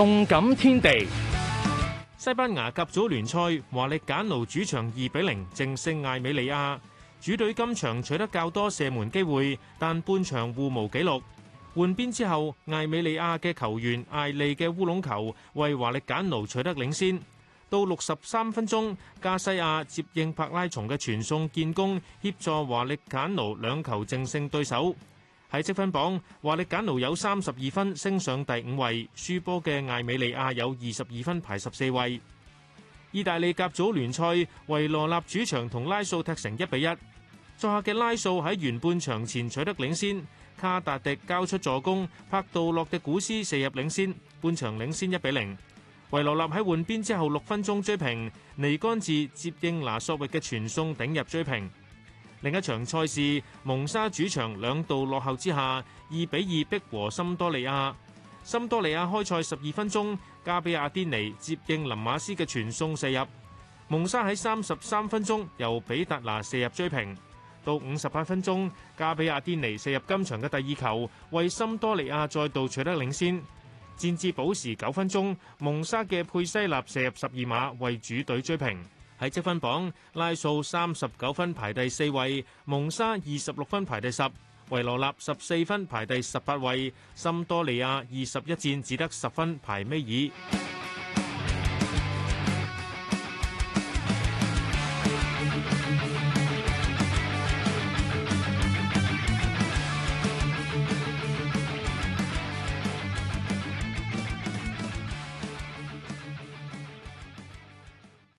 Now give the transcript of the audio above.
動感天地，西班牙甲組聯賽，華歷簡奴主場二比零淨勝艾美利亞，主隊今場取得較多射門機會，但半場互無紀錄。換邊之後，艾美利亞嘅球員艾利嘅烏龍球為華歷簡奴取得領先。到六十三分鐘，加西亞接應柏拉松嘅傳送建功，協助華歷簡奴兩球淨勝對手。喺積分榜，華歷簡奴有三十二分，升上第五位；輸波嘅艾美利亞有二十二分，排十四位。意大利甲組聯賽，維羅納主場同拉素踢成一比一。作客嘅拉素喺完半場前取得領先，卡達迪交出助攻，帕杜洛迪古斯射入領先，半場領先一比零。維羅納喺換邊之後六分鐘追平，尼干治接應拿索域嘅傳送頂入追平。另一場賽事，蒙沙主場兩度落後之下，二比二逼和森多利亞。森多利亞開賽十二分鐘，加比亞甸尼接應林馬斯嘅傳送射入。蒙沙喺三十三分鐘由比達拿射入追平，到五十八分鐘加比亞甸尼射入今場嘅第二球，為森多利亞再度取得領先。戰至補時九分鐘，蒙沙嘅佩西納射入十二碼為主隊追平。喺積分榜，拉素三十九分排第四位，蒙沙二十六分排第十，維羅納十四分排第十八位，森多利亞二十一戰只得十分排尾二。